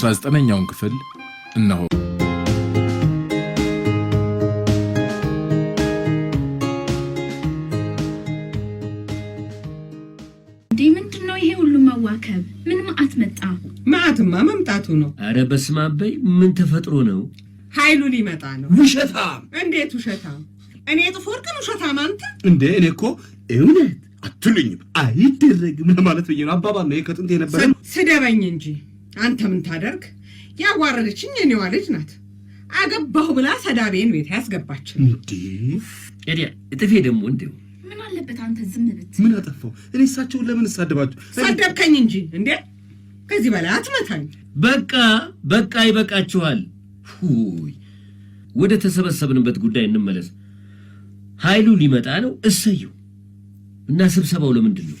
19ኛውን ክፍል እነሆ። እንዴ ምንድን ነው ይሄ ሁሉ መዋከብ? ምን መዓት መጣ? መዓትማ መምጣቱ ነው። አረ በስመ አብ ምን ተፈጥሮ ነው? ኃይሉ ሊመጣ ነው። ውሸታም! እንዴት ውሸታም? እኔ የጥፎ ግን ውሸታም አንተ። እንዴ እኔ እኮ እውነት አትሉኝም። አይደረግም ለማለት ብዬ ነው። አባባል ነው። ይህ ከጥንት የነበረ ስደበኝ እንጂ አንተ ምን ታደርግ ያዋረደችኝ የኔዋ ልጅ ናት። አገባሁ ብላ ሰዳቤን ቤት ያስገባችን። እንዲያ ጥፌ ደግሞ እንዲሁ ምን አለበት አንተ ዝም ብት ምን አጠፋው? እኔ እሳቸውን ለምን እሳደባችሁ? ሰደብከኝ እንጂ እንዴ! ከዚህ በላይ አትመታኝ። በቃ በቃ ይበቃችኋል። ሁይ ወደ ተሰበሰብንበት ጉዳይ እንመለስ። ኃይሉ ሊመጣ ነው። እሰየው። እና ስብሰባው ለምንድን ነው?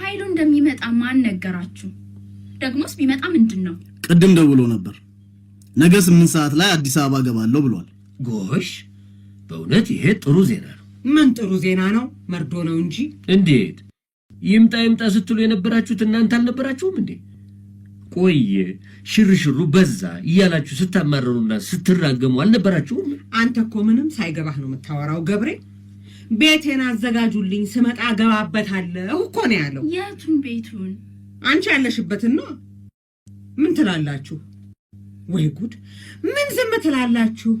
ኃይሉ እንደሚመጣ ማን ነገራችሁ? ደግሞስ ቢመጣ ምንድን ነው? ቅድም ደውሎ ነበር። ነገ ስምንት ሰዓት ላይ አዲስ አበባ ገባለሁ ብሏል። ጎሽ፣ በእውነት ይሄ ጥሩ ዜና ነው። ምን ጥሩ ዜና ነው? መርዶ ነው እንጂ። እንዴት ይምጣ ይምጣ ስትሉ የነበራችሁት እናንተ አልነበራችሁም እንዴ? ቆየ ሽርሽሩ በዛ እያላችሁ ስታማረሩና ስትራገሙ አልነበራችሁም? አንተ እኮ ምንም ሳይገባህ ነው የምታወራው ገብሬ። ቤቴን አዘጋጁልኝ ስመጣ ገባበታለሁ እኮ ነው ያለው። የቱን ቤቱን አንቺ ያለሽበትና ምን ትላላችሁ? ወይ ጉድ! ምን ዝም ትላላችሁ?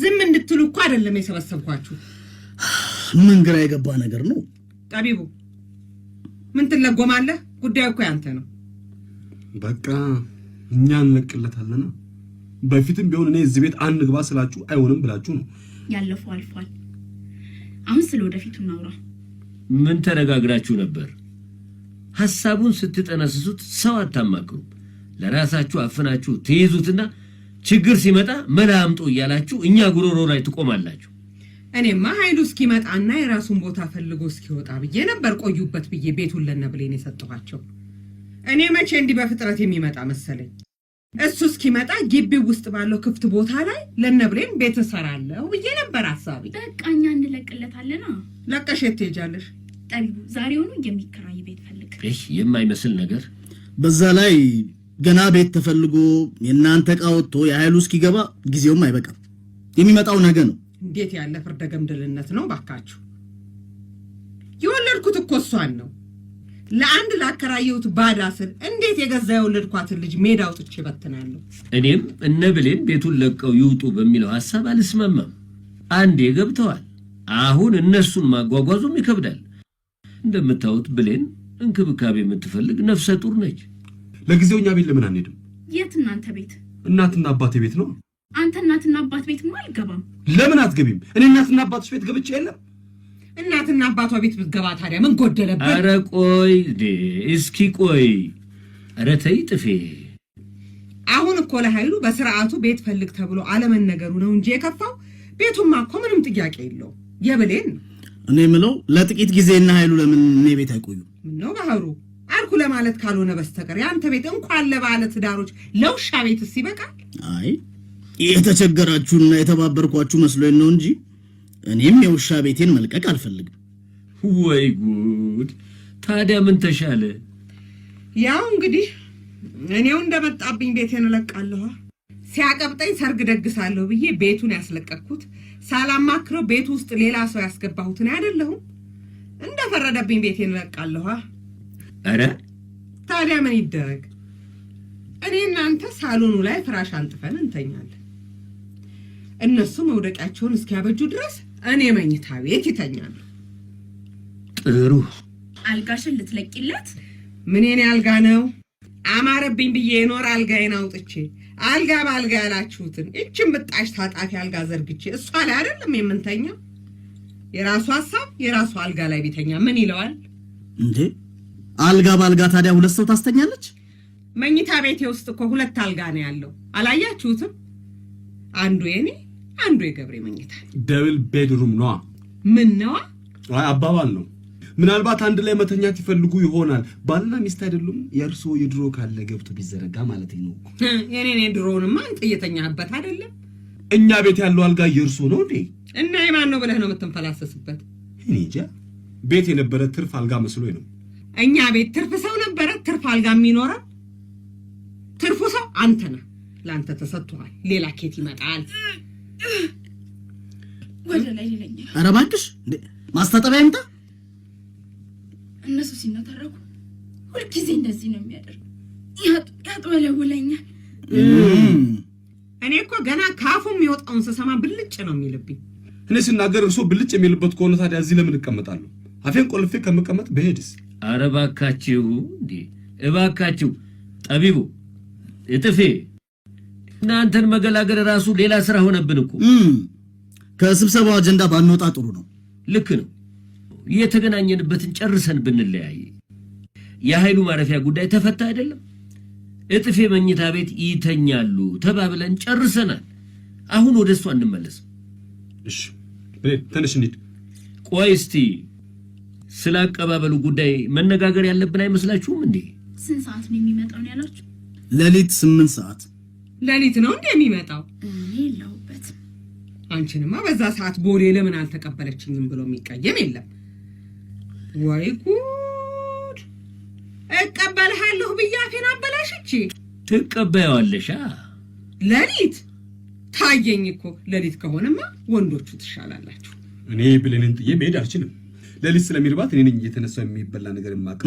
ዝም እንድትሉ እኮ አይደለም የሰበሰብኳችሁ። ምን ግራ የገባ ነገር ነው? ጠቢቡ ምን ትለጎማለህ? ጉዳዩ እኮ ያንተ ነው። በቃ እኛ እንለቅለታለና በፊትም ቢሆን እኔ እዚህ ቤት አንግባ ስላችሁ አይሆንም ብላችሁ ነው። ያለፈው አልፏል። አሁን ስለ ወደፊቱ እናውራ። ምን ተነጋግራችሁ ነበር? ሐሳቡን ስትጠነስሱት ሰው አታማክሩ። ለራሳችሁ አፍናችሁ ትይዙትና ችግር ሲመጣ መላ አምጡ እያላችሁ እኛ ጉሮሮ ላይ ትቆማላችሁ። እኔማ ኃይሉ እስኪመጣና የራሱን ቦታ ፈልጎ እስኪወጣ ብዬ ነበር። ቆዩበት ብዬ ቤቱን ለነብሌን የሰጠኋቸው። እኔ መቼ እንዲህ በፍጥረት የሚመጣ መሰለኝ። እሱ እስኪመጣ ግቢው ውስጥ ባለው ክፍት ቦታ ላይ ለነብሌን ቤት እሰራለሁ ብዬ ነበር ሀሳቤ። በቃ እኛ እንለቅለታለና። ለቀሽ የት ትሄጃለሽ? ጠቢቡ ዛሬውኑ የሚከራይ ቤት ፈልግ። የማይመስል ነገር። በዛ ላይ ገና ቤት ተፈልጎ የእናንተ ዕቃ ወጥቶ የኃይሉ እስኪገባ ጊዜውም አይበቃም። የሚመጣው ነገ ነው። እንዴት ያለ ፍርደ ገምድልነት ነው ባካችሁ! የወለድኩት እኮ እሷን ነው። ለአንድ ላከራየሁት ባዳ ስል እንዴት የገዛ የወለድኳትን ልጅ ሜዳ አውጥቼ በትናለሁ? እኔም እነ ብሌን ቤቱን ለቀው ይውጡ በሚለው ሀሳብ አልስማማም። አንዴ ገብተዋል። አሁን እነሱን ማጓጓዙም ይከብዳል። እንደምታዩት ብሌን እንክብካቤ የምትፈልግ ነፍሰ ጡር ነች። ለጊዜው እኛ ቤት ለምን አንሄድም? የት እናንተ ቤት? እናትና አባቴ ቤት ነው። አንተ እናትና አባት ቤት አልገባም። ለምን አትገቢም? እኔ እናትና አባትሽ ቤት ገብቼ የለም። እናትና አባቷ ቤት ብትገባ ታዲያ ምን ጎደለበት? አረ ቆይ እስኪ ቆይ፣ አረ ተይ ጥፌ። አሁን እኮ ለኃይሉ በስርዓቱ ቤት ፈልግ ተብሎ አለመነገሩ ነው እንጂ የከፋው ቤቱማ እኮ ምንም ጥያቄ የለው የብሌን ነው። እኔ የምለው ለጥቂት ጊዜና ኃይሉ ለምን እኔ ቤት አይቆዩ? ምነው ባህሩ አልኩ ለማለት ካልሆነ በስተቀር የአንተ ቤት እንኳን ለባለ ትዳሮች ለውሻ ቤትስ ይበቃል። አይ የተቸገራችሁና የተባበርኳችሁ መስሎኝ ነው እንጂ እኔም የውሻ ቤቴን መልቀቅ አልፈልግም። ወይ ጉድ! ታዲያ ምን ተሻለ? ያው እንግዲህ እኔው እንደመጣብኝ ቤቴን እለቃለኋ። ሲያቀብጠኝ ሰርግ ደግሳለሁ ብዬ ቤቱን ያስለቀቅኩት ሳላማክረው ቤት ውስጥ ሌላ ሰው ያስገባሁት እኔ አይደለሁም። እንደፈረደብኝ ቤቴን እለቃለሁ። ኧረ ታዲያ ምን ይደረግ? እኔ እናንተ ሳሎኑ ላይ ፍራሽ አንጥፈን እንተኛለን። እነሱ መውደቂያቸውን እስኪያበጁ ድረስ እኔ መኝታ ቤት ይተኛሉ። ጥሩ አልጋሽን ልትለቂለት? ምኔን አልጋ ነው አማረብኝ ብዬ የኖር አልጋዬን አውጥቼ አልጋ በአልጋ ያላችሁትን እችን ምጣሽ ታጣፊ አልጋ ዘርግቼ እሷ ላይ አይደለም የምንተኛ። የራሱ ሀሳብ የራሱ አልጋ ላይ ቢተኛ ምን ይለዋል እንዴ? አልጋ በአልጋ ታዲያ ሁለት ሰው ታስተኛለች። መኝታ ቤቴ ውስጥ እኮ ሁለት አልጋ ነው ያለው። አላያችሁትም? አንዱ የኔ አንዱ የገብሬ መኝታ ደብል ቤድሩም ነዋ። ምን ነዋ? አባባል ነው ምናልባት አንድ ላይ መተኛት ይፈልጉ ይሆናል። ባልና ሚስት አይደሉም? የእርሶ የድሮ ካለ ገብቶ ቢዘረጋ ማለት ነው። የኔ ድሮውንማ አንተ እየተኛህበት አይደለም። እኛ ቤት ያለው አልጋ የእርሶ ነው እንዴ? እና የማን ነው ብለህ ነው የምትንፈላሰስበት? እኔ እንጃ። ቤት የነበረ ትርፍ አልጋ መስሎኝ ነው። እኛ ቤት ትርፍ ሰው ነበረ ትርፍ አልጋ የሚኖረን። ትርፉ ሰው አንተ ነህ። ለአንተ ተሰጥቷል። ሌላ ኬት ይመጣል። ወደ ላይ ሌለኛ። ኧረ እባክሽ ማስታጠቢያ ይምጣ እነሱ ሲነታረኩ ሁልጊዜ እንደዚህ ነው የሚያደርግ። ያጥወለውለኛል። እኔ እኮ ገና ከአፉ የሚወጣውን ስሰማ ብልጭ ነው የሚልብኝ። እኔ ስናገር እርሶ ብልጭ የሚልበት ከሆነ ታዲያ እዚህ ለምን እቀመጣለሁ? አፌን ቆልፌ ከመቀመጥ በሄድስ። አረ እባካችሁ እንዴ! እባካችሁ ጠቢቡ እጥፌ፣ እናንተን መገላገል ራሱ ሌላ ስራ ሆነብን እኮ። ከስብሰባው አጀንዳ ባንወጣ ጥሩ ነው። ልክ ነው። የተገናኘንበትን ጨርሰን ብንለያይ የኃይሉ ማረፊያ ጉዳይ ተፈታ አይደለም? እጥፌ መኝታ ቤት ይተኛሉ ተባብለን ጨርሰናል። አሁን ወደ እሷ እንመለስ። እሺ ትንሽ እንሂድ። ቆይ እስቲ ስለ አቀባበሉ ጉዳይ መነጋገር ያለብን አይመስላችሁም እንዴ? ስንት ሰዓት ነው የሚመጣው ነው ያላችሁ? ሌሊት ስምንት ሰዓት ሌሊት ነው እንዴ የሚመጣው እኔ የለሁበትም። አንቺንማ በዛ ሰዓት ቦሌ ለምን አልተቀበለችኝም ብሎ የሚቀየም የለም። ወይ ጉድ! እቀበልሃለሁ ብዬ አፌን አበላሽቼ። ትቀበያዋለሻ። ሌሊት ታየኝ እኮ። ለሊት ከሆነማ ወንዶቹ ትሻላላችሁ። እኔ ብሌንን ጥዬ መሄድ አልችልም። ለሊት ስለሚርባት እኔ ነኝ እየተነሳው የሚበላ ነገር የማውቅ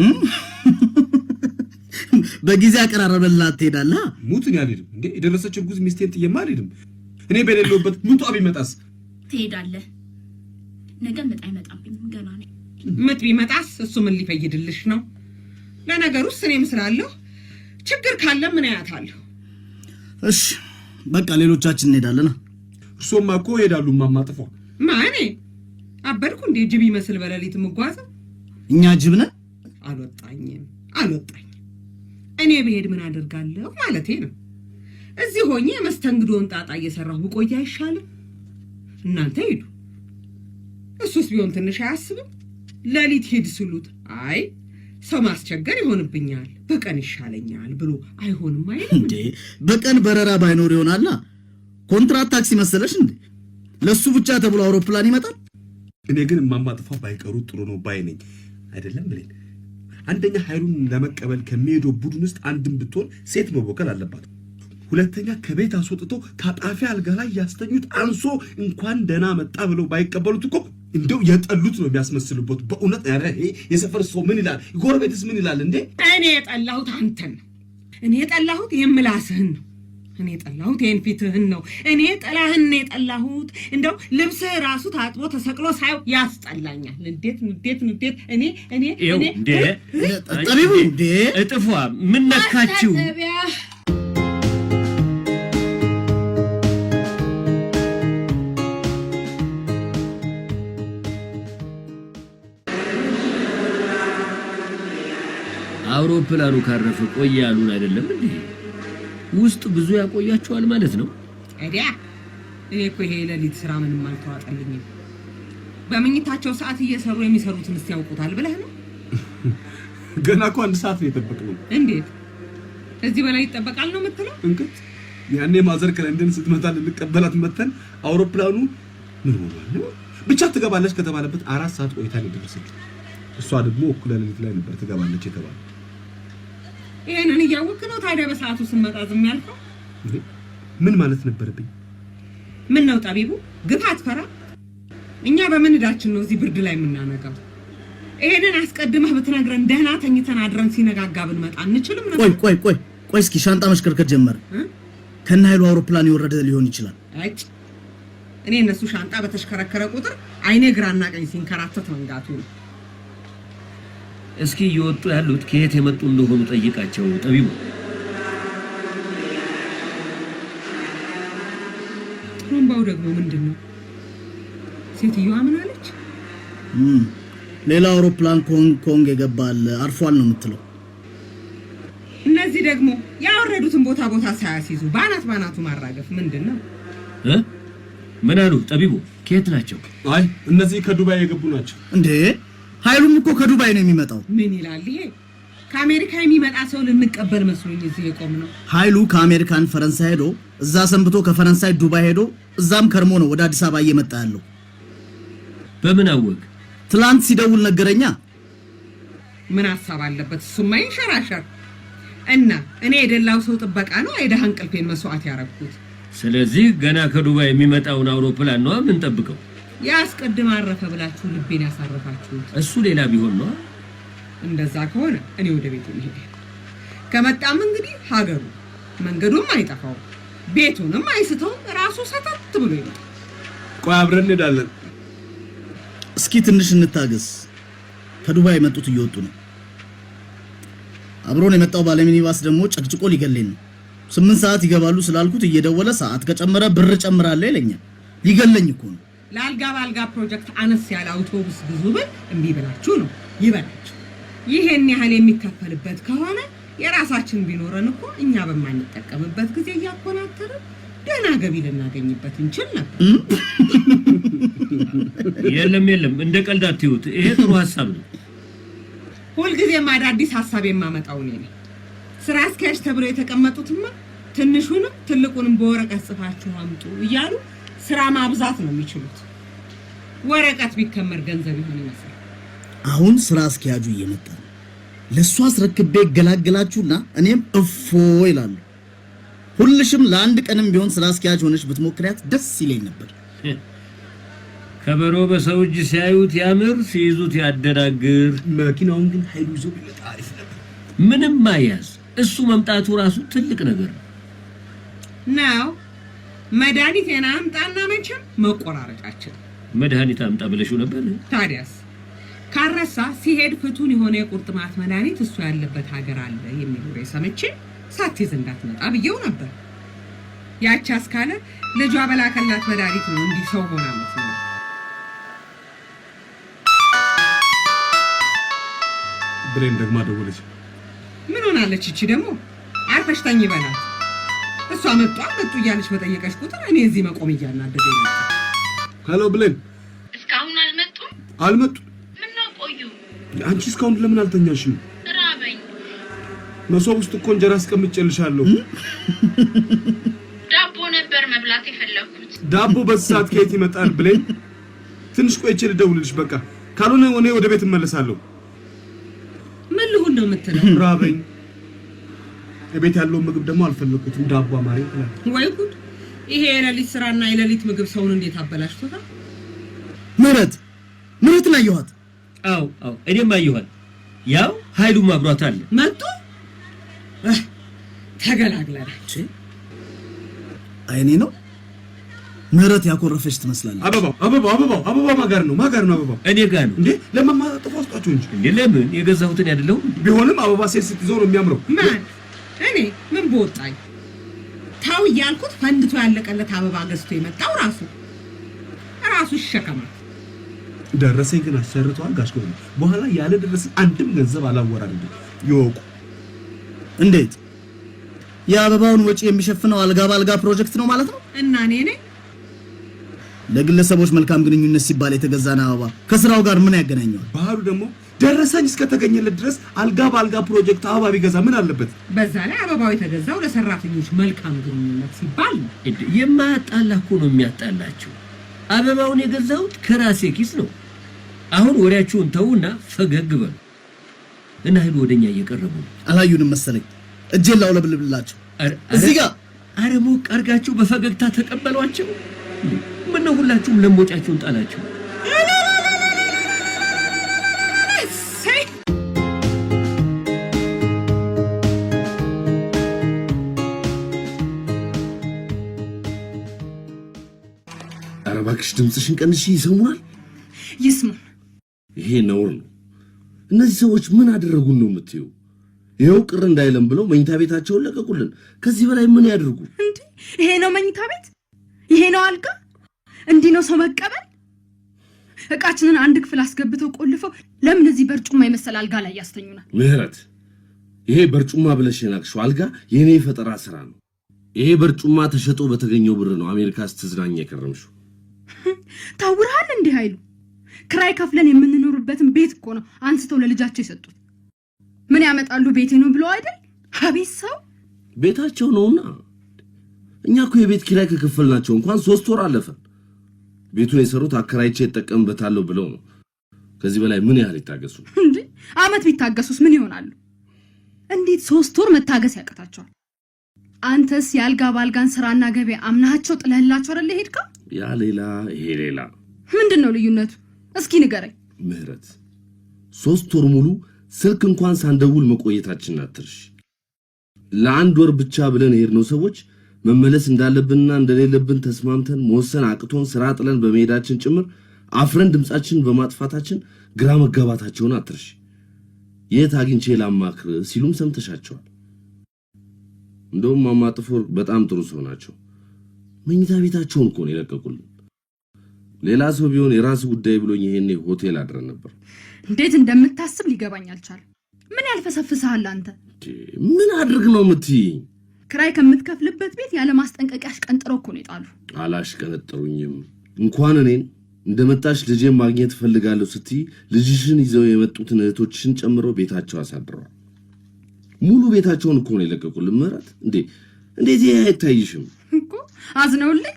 በጊዜ አቀራረበላት ትሄዳላ። ሙትን ያልሄድም እንዴ የደረሰች እርጉዝ ሚስቴን ጥዬማ አልሄድም። እኔ በሌለሁበት ምጧ ቢመጣስ? ትሄዳለህ። ነገ መጣ አይመጣብኝም ገና ነኝ ምጥ ቢመጣስ እሱ ምን ሊፈይድልሽ ነው? ለነገሩ ውስጥ እኔም ስላለሁ ችግር ካለ ምን አያታለሁ። እሺ በቃ ሌሎቻችን እንሄዳለን። እርሶማ እኮ ይሄዳሉ። ማማጥፎ ማኔ አበድኩ እንዴ? ጅብ ይመስል በሌሊት የምጓዘው እኛ ጅብ ነን። አልወጣኝም አልወጣኝም። እኔ ብሄድ ምን አደርጋለሁ ማለቴ ነው። እዚህ ሆኜ መስተንግዶን ጣጣ እየሰራሁ ብቆይ አይሻልም? እናንተ ሂዱ። እሱስ ቢሆን ትንሽ አያስብም ለሊት ሂድ ስሉት አይ ሰው ማስቸገር ይሆንብኛል፣ በቀን ይሻለኛል ብሎ አይሆንም አይልም እንዴ? በቀን በረራ ባይኖር ይሆናላ። ኮንትራት ታክሲ መሰለሽ እንዴ? ለሱ ብቻ ተብሎ አውሮፕላን ይመጣል። እኔ ግን የማማጥፋው ባይቀሩ ጥሩ ነው ባይ ነኝ። አይደለም ብሌን፣ አንደኛ ኃይሉን ለመቀበል ከሚሄደው ቡድን ውስጥ አንድም ብትሆን ሴት መወከል አለባት። ሁለተኛ ከቤት አስወጥቶ ታጣፊ አልጋ ላይ ያስተኙት አንሶ እንኳን ደህና መጣ ብለው ባይቀበሉት እኮ እንደው የጠሉት ነው የሚያስመስልበት። በእውነት ኧረ ይሄ የሰፈር ሰው ምን ይላል? ጎረቤትስ ምን ይላል? እንዴ እኔ የጠላሁት አንተን ነው። እኔ የጠላሁት ይህን ምላስህን ነው። እኔ የጠላሁት ይህን ፊትህን ነው። እኔ ጥላህን የጠላሁት እንደው ልብስህ ራሱ ታጥቦ ተሰቅሎ ሳየው ያስጠላኛል። እንዴት ንዴት ንዴት እኔ እኔ እኔ ጠቢቡ እንዴ እጥፏ ምን ነካችሁ? አውሮፕላኑ ካረፈ ቆየ አሉን አይደለም እንዴ? ውስጥ ብዙ ያቆያቸዋል ማለት ነው። ታዲያ እኔ እኮ ይሄ የሌሊት ስራ ምንም አልተዋጠልኝም። በመኝታቸው ሰዓት እየሰሩ የሚሰሩትን እስቲ ያውቁታል ብለህ ነው? ገና እኮ አንድ ሰዓት ነው የጠበቅነው። እንዴት እዚህ በላይ ይጠበቃል ነው የምትለው? እንግዲህ ያኔ ማዘር ከለንደን ስትመጣ ልንቀበላት መተን አውሮፕላኑ ምን ሆኗል ብቻ ትገባለች ከተባለበት አራት ሰዓት ቆይታ ነው የደረሰችው። እሷ ደግሞ እኩለ ሌሊት ላይ ነበር ትገባለች የተባለው። ይሄንን እያወቅህ ነው ታዲያ በሰዓቱ ስንመጣ ዝም ያልከው? ምን ማለት ነበረብኝ? ምን ነው ጠቢቡ፣ ግፍ አትፈራ? እኛ በምን እዳችን ነው እዚህ ብርድ ላይ የምናነጋው? ይሄንን አስቀድመህ ብትነግረን ደህና ተኝተን አድረን ሲነጋጋ ብንመጣ እንችልም ነበር። ቆይ ቆይ ቆይ ቆይ፣ እስኪ ሻንጣ መሽከርከር ጀመረ። ከነ ኃይሉ አውሮፕላን የወረደ ሊሆን ይችላል። አጭ እኔ እነሱ ሻንጣ በተሽከረከረ ቁጥር አይኔ ግራና ቀኝ ሲንከራተት መንጋቱ ነው። እስኪ እየወጡ ያሉት ከየት የመጡ እንደሆኑ ጠይቃቸው ጠቢቡ። ጥሩምባው ደግሞ ምንድን ነው? ሴትዮዋ ምን አለች? ሌላ አውሮፕላን ኮንግ ኮንግ የገባል አርፏል ነው የምትለው። እነዚህ ደግሞ ያወረዱትን ቦታ ቦታ ሳያስይዙ ባናት ባናቱ ማራገፍ ምንድን ነው? ምን አሉ ጠቢቡ? ከየት ናቸው? አይ እነዚህ ከዱባይ የገቡ ናቸው እንዴ ኃይሉም እኮ ከዱባይ ነው የሚመጣው። ምን ይላል ይሄ? ከአሜሪካ የሚመጣ ሰው ልንቀበል መስሎኝ እዚህ የቆም ነው። ኃይሉ ከአሜሪካን ፈረንሳይ ሄዶ እዛ ሰንብቶ ከፈረንሳይ ዱባይ ሄዶ እዛም ከርሞ ነው ወደ አዲስ አበባ እየመጣ ያለው። በምን አወቅ? ትላንት ሲደውል ነገረኛ። ምን ሀሳብ አለበት? እሱማ ይንሸራሸር እና እኔ የደላው ሰው ጥበቃ ነው የድሃ እንቅልፌን መስዋዕት ያረግኩት። ስለዚህ ገና ከዱባይ የሚመጣውን አውሮፕላን ነዋ የምንጠብቀው። ያስቀድም አረፈ ብላችሁ ልቤን ያሳረፋችሁት እሱ ሌላ ቢሆን ነው። እንደዛ ከሆነ እኔ ወደ ቤቱ ልሄድ። ከመጣም እንግዲህ ሀገሩ መንገዱም አይጠፋው ቤቱንም አይስተውም። ራሱ ሰተት ብሎ ይመጣል። ቆይ አብረን እንሄዳለን። እስኪ ትንሽ እንታገስ። ከዱባይ የመጡት እየወጡ ነው። አብሮን የመጣው ባለሚኒባስ ደግሞ ጨቅጭቆ ሊገለኝ ነው። ስምንት ሰዓት ይገባሉ ስላልኩት እየደወለ ሰዓት ከጨመረ ብር ጨምራለሁ ይለኛል። ሊገለኝ እኮ ነው። ለአልጋ በአልጋ ፕሮጀክት አነስ ያለ አውቶቡስ ብዙ ብር እምቢ ብላችሁ ነው ይበላችሁ። ይሄን ያህል የሚከፈልበት ከሆነ የራሳችን ቢኖረን እኮ እኛ በማንጠቀምበት ጊዜ እያኮናተርን ደህና ገቢ ልናገኝበት እንችል ነበር። የለም የለም፣ እንደ ቀልድ አትዩት። ይሄ ጥሩ ሀሳብ ነው። ሁልጊዜም አዳዲስ ሀሳብ የማመጣው እኔ ነኝ። ስራ አስኪያጅ ተብለው የተቀመጡትማ ትንሹንም ትልቁንም በወረቀት ጽፋችሁ አምጡ እያሉ ስራ ማብዛት ነው የሚችሉት። ወረቀት ቢከመር ገንዘብ ይሆን ይመስል አሁን ስራ አስኪያጁ እየመጣ ነው። ለእሱ አስረክቤ ይገላገላችሁና እኔም እፎ ይላሉ። ሁልሽም ለአንድ ቀንም ቢሆን ስራ አስኪያጅ ሆነች ብትሞክሪያት ደስ ይለኝ ነበር። ከበሮ በሰው እጅ ሲያዩት ያምር፣ ሲይዙት ያደናግር። መኪናውን ግን ኃይሉ ይዞ አሪፍ ነበር። ምንም አያዝ እሱ መምጣቱ ራሱ ትልቅ ነገር ነው። መድኃኒት አምጣና መቼም መቆራረጫችን መድኃኒት አምጣ ብለሽው ነበር። ታዲያስ ካረሳ ሲሄድ ፍቱን የሆነ የቁርጥማት መድኃኒት እሱ ያለበት ሀገር አለ የሚል ወሬ ሰምቼ ሳትይዝ እንዳትመጣ ብዬው ነበር። ያቺ አስካለ ልጇ በላከላት መድኃኒት ነው እንዲህ ሰው ሆና መስለው ብሌን ደግማ ደወለች። ምን ሆናለች? እቺ ደግሞ አርፈሽ ተኝ ይበላል። እሷ መጡ መጡ እያለች በጠየቀች ቁጥር እኔ እዚህ መቆም እያናደገኝ ነበር። ሄሎ ብለን እስካሁን አልመጡም አልመጡም። ምነው ቆዩ? አንቺ እስካሁን ለምን አልተኛሽም? ራበኝ። መሶብ ውስጥ እኮ እንጀራ አስቀምጬልሻለሁ። ዳቦ ነበር መብላት የፈለኩት። ዳቦ በዚህ ሰዓት ከየት ይመጣል? ብለን ትንሽ ቆይቼ ልደውልልሽ። በቃ ካልሆነ እኔ ወደ ቤት እመለሳለሁ። ምን ልሁን ነው የምትለው? ራበኝ። የቤት ያለውን ምግብ ደግሞ አልፈለኩትም። ዳቦ አማሪ ወይ ጉድ ይሄ የሌሊት ስራና የሌሊት ምግብ ሰውን እንዴት አበላሽቶታል። ምረት ላይ አየኋት። አው አው እኔም አየኋት። ያው ኃይሉ አብሯት አለ። መጡ ተገላግለናች። አይኔ ነው ምረት ያኮረፈች ትመስላለች። አበባው አበባው አበባው አበባው ማጋር ነው ማጋር ነው አበባው እኔ ጋር ነው እንዴ? ለማማጣጥ ወስጣችሁ እንጂ እንዴ ለምን የገዛሁትን ያደለው ቢሆንም አበባ ሴት ስትዞር የሚያምረው ማን እኔ ምን በወጣኝ ተው እያልኩት ፈንድቶ ያለቀለት አበባ ገዝቶ የመጣው ራሱ ራሱ ይሸከማል። ደረሰኝ ግን አሰርቷል። ጋሽ ጎበዝ በኋላ ያለ ደረሰኝ አንድም ገንዘብ አላወራድም። ይወቁ። እንዴት የአበባውን ወጪ የሚሸፍነው አልጋ በአልጋ ፕሮጀክት ነው ማለት ነው? እና እኔ ነኝ ለግለሰቦች መልካም ግንኙነት ሲባል የተገዛን አበባ ከስራው ጋር ምን ያገናኘዋል? ባህሉ ደግሞ ደረሰኝ እስከተገኘለት ድረስ አልጋ በአልጋ ፕሮጀክት አበባ ቢገዛ ምን አለበት? በዛ ላይ አበባው የተገዛው ለሰራተኞች መልካም ግንኙነት ሲባል የማያጣላ እኮ ነው የሚያጣላቸው። አበባውን የገዛሁት ከራሴ ኪስ ነው። አሁን ወሬያችሁን ተዉና ፈገግ በሉ እና ሂዱ። ወደኛ እየቀረቡ ነው። አላዩንም መሰለኝ። እጄን ላውለብልብላቸው እዚህ ጋር አረ ሞቅ አድርጋችሁ በፈገግታ ተቀበሏቸው። ምነው ሁላችሁም ለሞጫችሁን ጣላችሁ? ኧረ እባክሽ ድምፅሽን ቀንሽ፣ ይሰሙናል። ይስሙን። ይሄ ነውር ነው። እነዚህ ሰዎች ምን አደረጉን ነው የምትይው? ይኸው ቅር እንዳይለም ብለው መኝታ ቤታቸውን ለቀቁልን። ከዚህ በላይ ምን ያደርጉ? እንዴ ይሄ ነው መኝታ ቤት? ይሄ ነው አልጋ? እንዲህ ነው ሰው መቀበል? እቃችንን አንድ ክፍል አስገብተው ቆልፈው ለምን እዚህ በርጩማ የመሰለ አልጋ ላይ ያስተኙናል? ምህረት፣ ይሄ በርጩማ ብለሽ የናቅሽው አልጋ የእኔ የፈጠራ ስራ ነው። ይሄ በርጩማ ተሸጦ በተገኘው ብር ነው አሜሪካ ስትዝናኝ የከረምሽው። ታውርሃል እንዲህ አይሉ ክራይ ከፍለን የምንኖርበትን ቤት እኮ ነው አንስተው ለልጃቸው የሰጡት። ምን ያመጣሉ ቤቴ ነው ብለው አይደል? አቤት ሰው ቤታቸው ነውና። እኛ እኮ የቤት ኪራይ ከከፈልናቸው እንኳን ሶስት ወር አለፈን። ቤቱን የሰሩት አከራይቼ ይጠቀምበታለሁ ብለው ነው። ከዚህ በላይ ምን ያህል ይታገሱ እንዴ? አመት ቢታገሱስ ምን ይሆናሉ? እንዴት ሶስት ወር መታገስ ያቅታቸዋል? አንተስ የአልጋ ባልጋን ስራና ገበያ አምናቸው ጥለህላቸው አይደል ሄድከው ያ ሌላ ይሄ ሌላ። ምንድን ነው ልዩነቱ? እስኪ ንገረኝ። ምህረት፣ ሶስት ወር ሙሉ ስልክ እንኳን ሳንደውል መቆየታችን አትርሽ። ለአንድ ወር ብቻ ብለን የሄድነው ሰዎች መመለስ እንዳለብንና እንደሌለብን ተስማምተን መወሰን አቅቶን ስራ ጥለን በመሄዳችን ጭምር አፍረን ድምፃችንን በማጥፋታችን ግራ መጋባታቸውን አትርሽ። የት አግኝቼ ላማክር ሲሉም ሰምተሻቸዋል። እንደውም ማማ ጥፎር በጣም ጥሩ ሰው ናቸው። መኝታ ቤታቸውን እኮ ነው የለቀቁልን። ሌላ ሰው ቢሆን የራሱ ጉዳይ ብሎኝ ይሄኔ ሆቴል አድረን ነበር። እንዴት እንደምታስብ ሊገባኝ አልቻለም። ምን ያልፈሰፍሰሃል አንተ? ምን አድርግ ነው የምትይኝ? ክራይ ከምትከፍልበት ቤት ያለ ማስጠንቀቂያ አሽቀንጥረው እኮ ነው የጣሉ። አላሽቀነጠሩኝም። እንኳን እኔን እንደመጣሽ ልጄን ማግኘት እፈልጋለሁ ስትይ ልጅሽን ይዘው የመጡትን እህቶችሽን ጨምሮ ቤታቸው አሳድረዋል። ሙሉ ቤታቸውን እኮ ነው የለቀቁልን። ምህረት እንዴ እንዴት አይታይሽም እኮ አዝነውልኝ።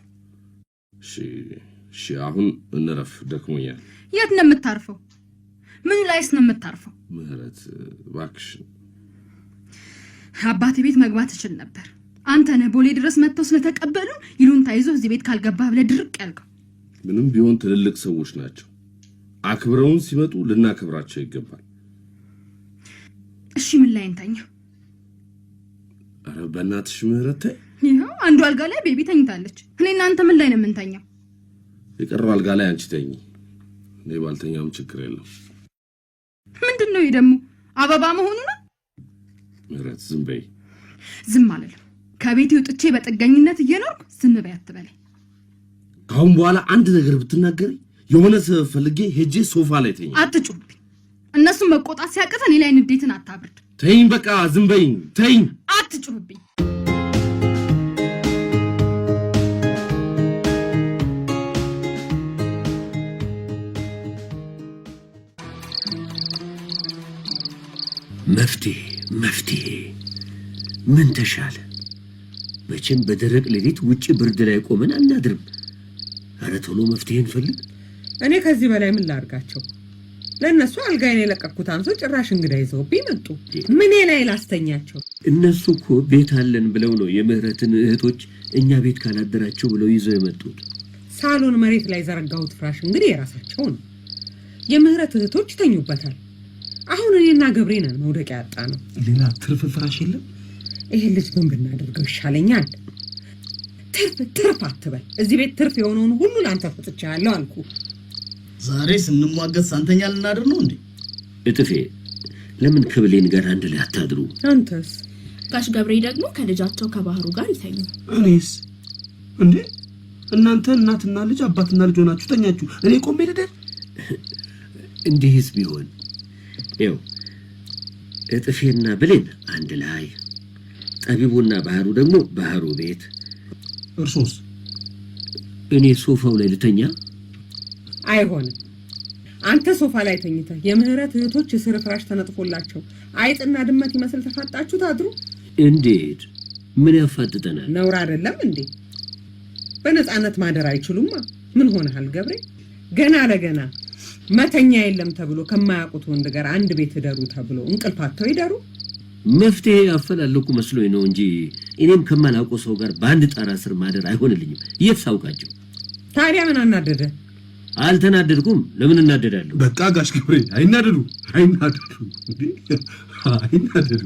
እሺ እሺ፣ አሁን እንረፍ፣ ደክሞኛል። የት ነው የምታርፈው? ምን ላይስ ነው የምታርፈው? ምህረት እባክሽ፣ አባቴ ቤት መግባት እችል ነበር። አንተ ነህ ቦሌ ድረስ መጥተው ስለተቀበሉ ይሉንታ ይዞ እዚህ ቤት ካልገባህ ብለህ ድርቅ ያልከው። ምንም ቢሆን ትልልቅ ሰዎች ናቸው። አክብረውን ሲመጡ ልናከብራቸው ይገባል። እሺ ምን ላይ እንተኛ? በእናትሽ ምህረት ይኸው አንዱ አልጋ ላይ ቤቢ ተኝታለች። እኔ እናንተ ምን ላይ ነው የምንተኛው? የቀረው አልጋ ላይ አንቺ ተኝ፣ እኔ ባልተኛም ችግር የለም። ምንድን ነው ይሄ ደግሞ አበባ መሆኑ ነው? ምህረት ዝም በይ። ዝም አልልም። ከቤት ውጥቼ በጥገኝነት እየኖርኩ ዝም በይ አትበለኝ። ካሁን በኋላ አንድ ነገር ብትናገሪ የሆነ ሰበብ ፈልጌ ሄጄ ሶፋ ላይ ተኛ። አትጩብኝ። እነሱን መቆጣት ሲያቅተን እኔ ላይ ንዴትን አታብርድ። ተይኝ፣ በቃ ዝም በይኝ፣ ተይኝ፣ አትጩህብኝ። መፍትሄ መፍትሄ ምን ተሻለ? መቼም በደረቅ ሌሊት ውጭ ብርድ ላይ ቆመን አናድርም። አረ ቶሎ መፍትሄ እንፈልግ። እኔ ከዚህ በላይ ምን ላድርጋቸው? ለእነሱ አልጋይን የለቀኩት አንሶ ጭራሽ እንግዳ ይዘውብኝ መጡ። ምኔ ላይ ላስተኛቸው? እነሱ እኮ ቤት አለን ብለው ነው የምህረትን እህቶች እኛ ቤት ካላደራቸው ብለው ይዘው የመጡት። ሳሎን መሬት ላይ ዘረጋሁት ፍራሽ እንግዲህ የራሳቸው ነው። የምህረት እህቶች ይተኙበታል። አሁን እኔና ገብሬ ነን መውደቂያ ያጣ ነው። ሌላ ትርፍ ፍራሽ የለም። ይሄ ልጅ ምን ብናደርገው ይሻለኛል? ትርፍ ትርፍ አትበል። እዚህ ቤት ትርፍ የሆነውን ሁሉ ለአንተ ያለው አልኩ። ዛሬ ስንሟገት ሳንተኛ ልናድር ነው እንዴ? እጥፌ ለምን ከብሌን ጋር አንድ ላይ አታድሩ? አንተስ? ጋሽ ገብሬ ደግሞ ከልጃቸው ከባህሩ ጋር ይተኙ። እኔስ? እንዴ እናንተ እናትና ልጅ አባትና ልጅ ሆናችሁ ተኛችሁ፣ እኔ ቆሜ ልደር። እንዲህስ ቢሆን ይው እጥፌና ብሌን አንድ ላይ፣ ጠቢቡና ባህሩ ደግሞ ባህሩ ቤት። እርሶስ? እኔ ሶፋው ላይ ልተኛ አይሆንም። አንተ ሶፋ ላይ ተኝተህ የምህረት እህቶች እስር ፍራሽ ተነጥፎላቸው አይጥና ድመት ይመስል ተፋጣችሁ ታድሩ። እንዴት ምን ያፋጥጠናል? ነውር አይደለም እንዴ? በነፃነት ማደር አይችሉማ። ምን ሆነሃል ገብሬ? ገና ለገና መተኛ የለም ተብሎ ከማያውቁት ወንድ ጋር አንድ ቤት እደሩ ተብሎ እንቅልፍ አጥተው ይደሩ። መፍትሄ ያፈላለኩ መስሎኝ ነው እንጂ እኔም ከማላውቀው ሰው ጋር በአንድ ጣራ ስር ማደር አይሆንልኝም። የት ሳውቃቸው ታዲያ? ምን አናደደ? አልተናደድኩም። ለምን እናደዳለሁ? በቃ ጋሽ ገብሬ አይናደዱ፣ አይናደዱ፣ አይናደዱ።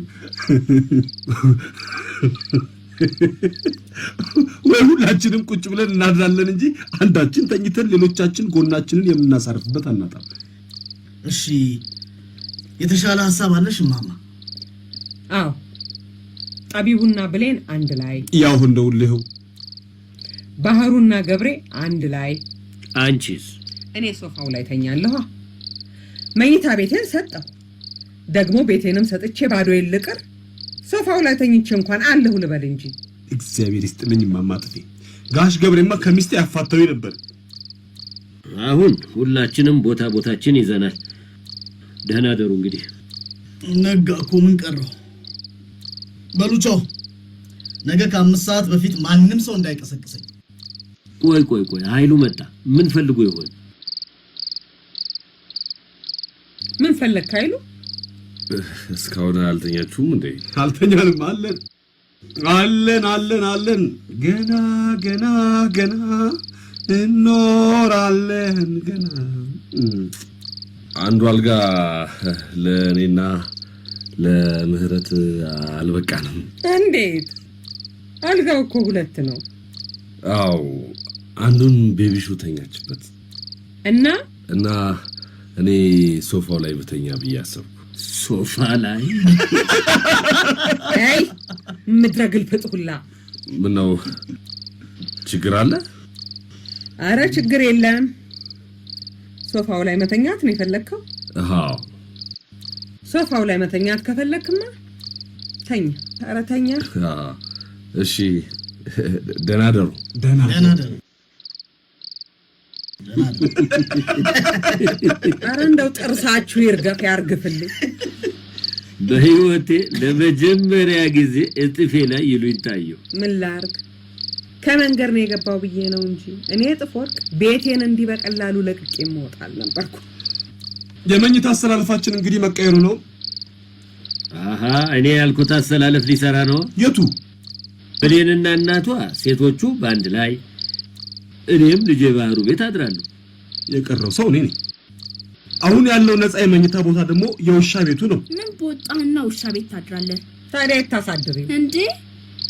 ወይ ሁላችንም ቁጭ ብለን እናድራለን እንጂ አንዳችን ተኝተን ሌሎቻችን ጎናችንን የምናሳርፍበት አናጣም። እሺ፣ የተሻለ ሀሳብ አለሽ እማማ? አዎ፣ ጠቢቡና ብሌን አንድ ላይ፣ ያው እንደው ባህሩና ገብሬ አንድ ላይ አንቺስ እኔ ሶፋው ላይ ተኛለሁ። መኝታ ቤቴን ሰጠው፣ ደግሞ ቤቴንም ሰጥቼ ባዶ ልቅር? ሶፋው ላይ ተኝቼ እንኳን አለሁ ልበል እንጂ። እግዚአብሔር ይስጥልኝ እማማ ጥፌ። ጋሽ ገብሬማ ከሚስቴ ያፋተው ነበር። አሁን ሁላችንም ቦታ ቦታችን ይዘናል። ደህና ደሩ። እንግዲህ ነጋኩ ምን ቀረው? በሉ ነገ ከአምስት ሰዓት በፊት ማንም ሰው እንዳይቀሰቅሰኝ። ቆይ ቆይ ቆይ፣ ኃይሉ መጣ። ምን ፈልጎ ይሆን? ምን ፈለግክ አይሉ እስካሁን አልተኛችሁም እንዴ? አልተኛንም። አለን አለን አለን አለን ገና ገና ገና እኖራለን ገና። አንዱ አልጋ ለእኔና ለምህረት አልበቃንም። እንዴት? አልጋው እኮ ሁለት ነው። አው አንዱን ቤቢሹ ተኛችበት እና እና እኔ ሶፋው ላይ ብተኛ ብዬ አሰብኩ። ሶፋ ላይ ይ ምድረ ግልፍጥ ሁላ ምነው ችግር አለ? አረ ችግር የለም። ሶፋው ላይ መተኛት ነው የፈለግከው? አዎ ሶፋው ላይ መተኛት ከፈለግክማ ተኛ። አረ ተኛ። እሺ፣ ደህና ደሩ። ደህና ደሩ። ኧረ እንደው ጥርሳችሁ ይርገፍ ያርግፍልኝ። በህይወቴ ለመጀመሪያ ጊዜ እጥፌ ላይ ይሉ ይታየው። ምን ላርግ? ከመንገድ ነው የገባው ብዬ ነው እንጂ እኔ እጥፍ ወርቅ ቤቴን እንዲህ በቀላሉ ለቅቄ መወጣል ነበርኩ። የመኝታ አሰላለፋችን እንግዲህ መቀየሩ ነው። አሀ እኔ ያልኩት አሰላለፍ ሊሰራ ነው። የቱ ብሌንና እናቷ ሴቶቹ በአንድ ላይ እኔም ልጄ ባህሩ ቤት አድራለሁ። የቀረው ሰው እኔ ነኝ። አሁን ያለው ነፃ የመኝታ ቦታ ደግሞ የውሻ ቤቱ ነው። ምን በወጣህና ውሻ ቤት ታድራለህ? ታዲያ የታሳድሪ እንዴ?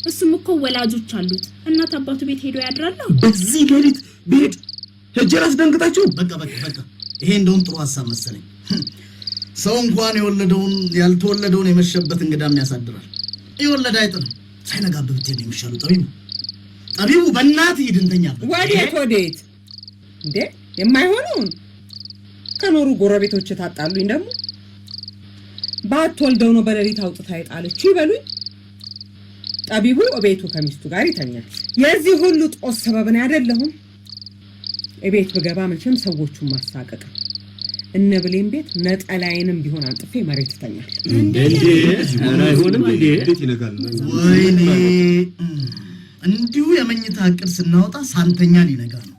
እሱም እኮ ወላጆች አሉት። እናት አባቱ ቤት ሄዶ ያድራለሁ። በዚህ ሌሊት ቤት ሄጄ ላስደንግጣችሁ። በቃ በቃ በቃ። ይሄ እንደውም ጥሩ ሀሳብ መሰለኝ። ሰው እንኳን የወለደውን ያልተወለደውን የመሸበት እንግዳም ያሳድራል። የወለደ አይጥ ነው። ሳይነጋብህ ብትሄድ ነው የሚሻለው። ጠቢብ ጠቢቡ በእናት ሂድ እንተኛ። ወዴት ወዴት? እንዴ የማይሆነውን ከኖሩ ጎረቤቶች ታጣሉኝ። ደግሞ ባትወልደው ነው በሌሊት አውጥታ የጣለች ይበሉኝ። ጠቢቡ እቤቱ ከሚስቱ ጋር ይተኛል። የዚህ ሁሉ ጦስ ሰበብን አይደለሁም። እቤት ብገባ መቼም ሰዎቹን ማሳቀቅ እነ ብሌን ቤት ነጠላዬንም ቢሆን አንጥፌ መሬት ይተኛል። እንዴ አይሆንም። እንዴ ይነጋል። ወይኔ እንዲሁ የመኝታ እቅድ ስናወጣ ሳንተኛ ይነጋል።